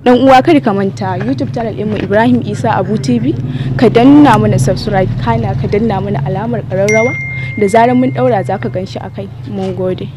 dan uwa kada ka manta youtube channel mu ibrahim isa abu tv ka danna mana subscribe kana ka danna mana alamar kararrawa da zarar mun daura za ka ganshi akai kai gode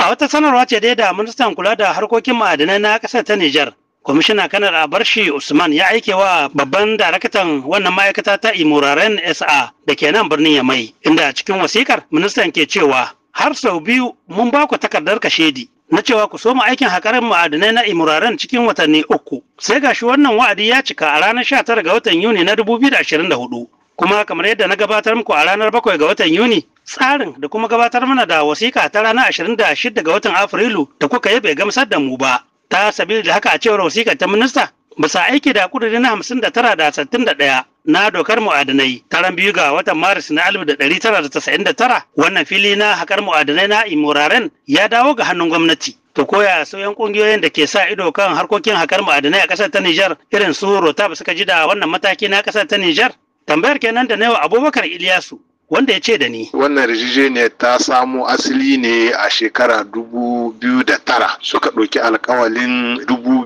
a wata sanarwa ce dai da ministan kula da harkokin ma'adanai na kasar ta niger kwamishina kanar abarshi usman ya aike wa babban daraktan wannan ma'aikata ta imuraren sa da ke nan birnin yamai inda cikin wasikar ministan ke cewa har sau biyu mun ba ku takardar kashedi na cewa ku soma aikin hakarin ma'adinai na imuraren cikin watanni uku sai gashi wannan wa'adi ya cika a ranar 19 ga watan yuni na 2024 kuma kamar yadda na gabatar muku a ranar 7 ga watan yuni tsarin da kuma gabatar mana da wasiƙa ta ranar 26 ga watan afrilu da kuka yi bai gamsar da mu ba ta sabili da haka a cewar wasiƙar ta minista bisa aiki da kudiri na hamsin da tara da sittin da ɗaya na dokar mu'adinai taron biyu ga watan maris na alif da ɗari tara da tasa'in da tara wannan fili na haƙar mu'adinai na imuraren ya dawo ga hannun gwamnati to koya sauyan ƙungiyoyin da ke sa ido kan harkokin haƙar mu'adinai a ƙasar ta Nijar irin su Rotab suka ji da wannan mataki na ƙasar ta Nijar tambayar kenan da nawa, Abubakar Iliyasu wanda ya ce da ni. Wannan ne ta samu asali ne a shekara dubu biyu da tara suka ɗauki alkawalin dubu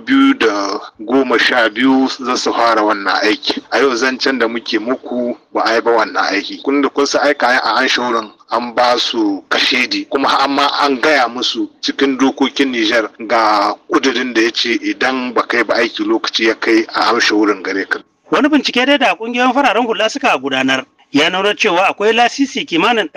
goma sha biyu za su fara wannan aiki a yau zancen da muke muku ba a yi ba wannan aiki kun da kun sa aika a an shorin an ba su kashedi kuma amma an gaya musu cikin dokokin Nijar ga kudurin da ya ce idan ba kai ba aiki lokaci ya kai a amshe wurin gare ka. Wani bincike dai da kungiyoyin fararen hula suka gudanar ya nuna cewa akwai lasisi kimanin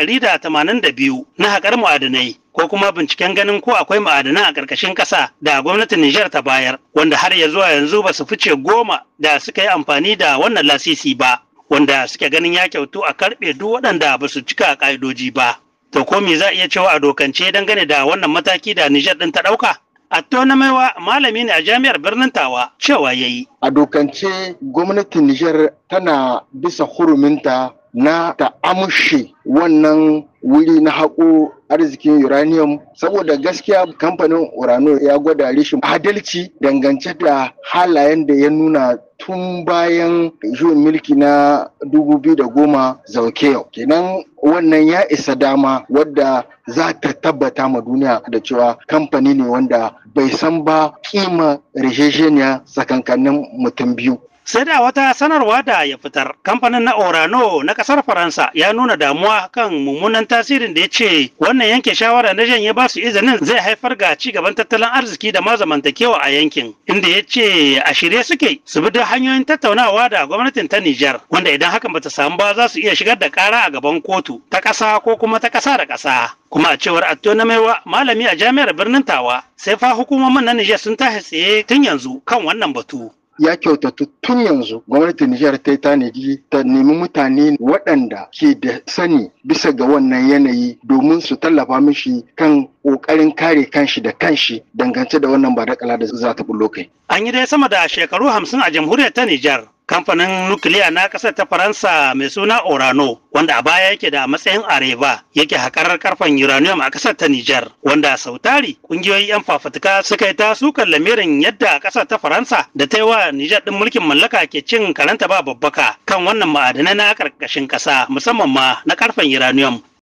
biyu na haƙar mu'adanai ko kuma binciken ganin ko akwai ma'adana a ƙarƙashin ƙasa da gwamnatin Nijar ta bayar wanda har ya zuwa yanzu ba su fice goma da suka yi amfani da wannan lasisi ba wanda suke ganin ya kyautu a karɓe duk waɗanda ba su cika ƙa'idoji ba. To ko me za a iya cewa a dokance dangane da wannan mataki da Nijar ɗin ta ɗauka? Atto na maiwa malami ne a jami'ar birnin Tawa cewa ya yi. A dokance gwamnatin Nijar tana bisa huruminta na ta amshe wannan wuri na haƙo arzikin uranium saboda gaskiya kamfanin urano ya gwada rishin adalci dangance da halayen da ya nuna tun bayan juyin milki na 2010 zaukeo kenan wannan ya isa dama wadda za ta tabbata ma duniya da cewa kamfani ne wanda bai san ba kima rishesheniya tsakankanin mutum biyu sai da wata sanarwa da ya fitar kamfanin na orano na kasar faransa ya nuna damuwa kan mummunan tasirin da ya ce wannan yanke shawara na janye ba su izinin zai haifar ga ci gaban tattalin arziki da ma zamantakewa a yankin inda ya ce a shirye suke su bi hanyoyin tattaunawa da gwamnatin ta nijar wanda idan hakan bata samu ba za su iya shigar da kara a gaban kotu ta ƙasa ko kuma ta ƙasa da ƙasa kuma a cewar atto na maiwa malami a jami'ar birnin tawa sai fa hukumomin na nijar sun tashi tsaye tun yanzu kan wannan batu ya kyautatu tun yanzu gwamnatin Nijar ta yi tanadi ta nemi mutane waɗanda ke da sani bisa ga wannan yanayi domin su tallafa mishi kan ƙoƙarin kare kanshi da kanshi dangance da wannan badakala da za ta bullo kai. An yi dai sama da shekaru hamsin a jamhuriyar ta Nijar. kamfanin nukiliya na ƙasar ta faransa mai suna orano wanda a baya yake da matsayin areva yake haƙarar karfan uranium a ƙasar ta nijar wanda sau tari ƙungiyoyin 'yan fafutuka suka yi ta sukan lamirin yadda ƙasar ta faransa da ta yi wa nijar ɗin mulkin mallaka ke cin karanta ba babbaka kan wannan ma'adanai na ƙarƙashin ƙasa musamman ma na karfan uranium